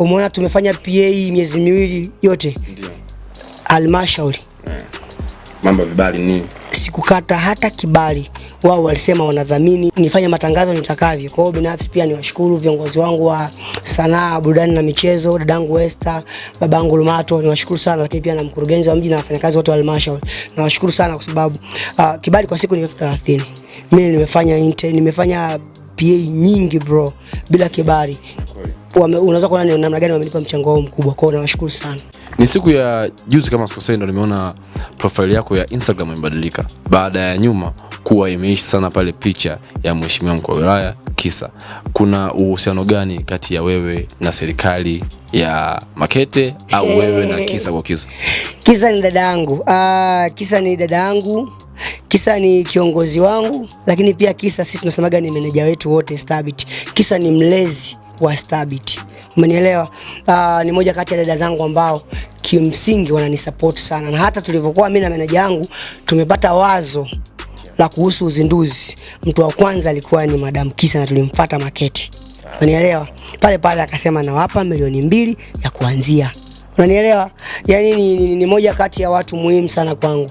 Umeona tumefanya PA miezi miwili yote. Ndio. Halmashauri. Yeah. Mambo vibali ni Sikukata hata kibali. Wao walisema wanadhamini nifanye matangazo nitakavyo. Kwa hiyo binafsi pia niwashukuru viongozi wangu wa sanaa, burudani na michezo, dadangu Esther, babangu Lumato, niwashukuru sana lakini pia na mkurugenzi wa mji na wafanyakazi wote wa halmashauri. Nawashukuru sana kwa sababu uh, kibali kwa siku ni elfu thelathini. Mimi nimefanya inte, nimefanya PA nyingi bro bila kibali unaweza kuona ni namna gani wamenipa mchango wao mkubwa kwao, nawashukuru sana. Ni siku ya juzi kama sikosei, ndo nimeona profile yako ya Instagram imebadilika baada ya nyuma kuwa imeishi sana pale picha ya mheshimiwa mkuu wa wilaya. Kisa kuna uhusiano gani kati ya wewe na serikali ya Makete au wewe na Kisa? Kwa Kisa, Kisa ni dada yangu. Uh, Kisa ni dada yangu Kisa ni kiongozi wangu, lakini pia Kisa sisi tunasemaga ni meneja wetu wote Stabit. Kisa ni mlezi kuwa stabit, Umenielewa? Uh, ni moja kati ya dada zangu ambao kimsingi wananisupport sana, na hata tulivyokuwa mimi na meneja yangu tumepata wazo la kuhusu uzinduzi, mtu wa kwanza alikuwa ni Madam Kisa na tulimfuata Makete. Unanielewa? Pale pale akasema nawapa milioni mbili ya kuanzia. Unanielewa? Yaani ni, ni, ni moja kati ya watu muhimu sana kwangu.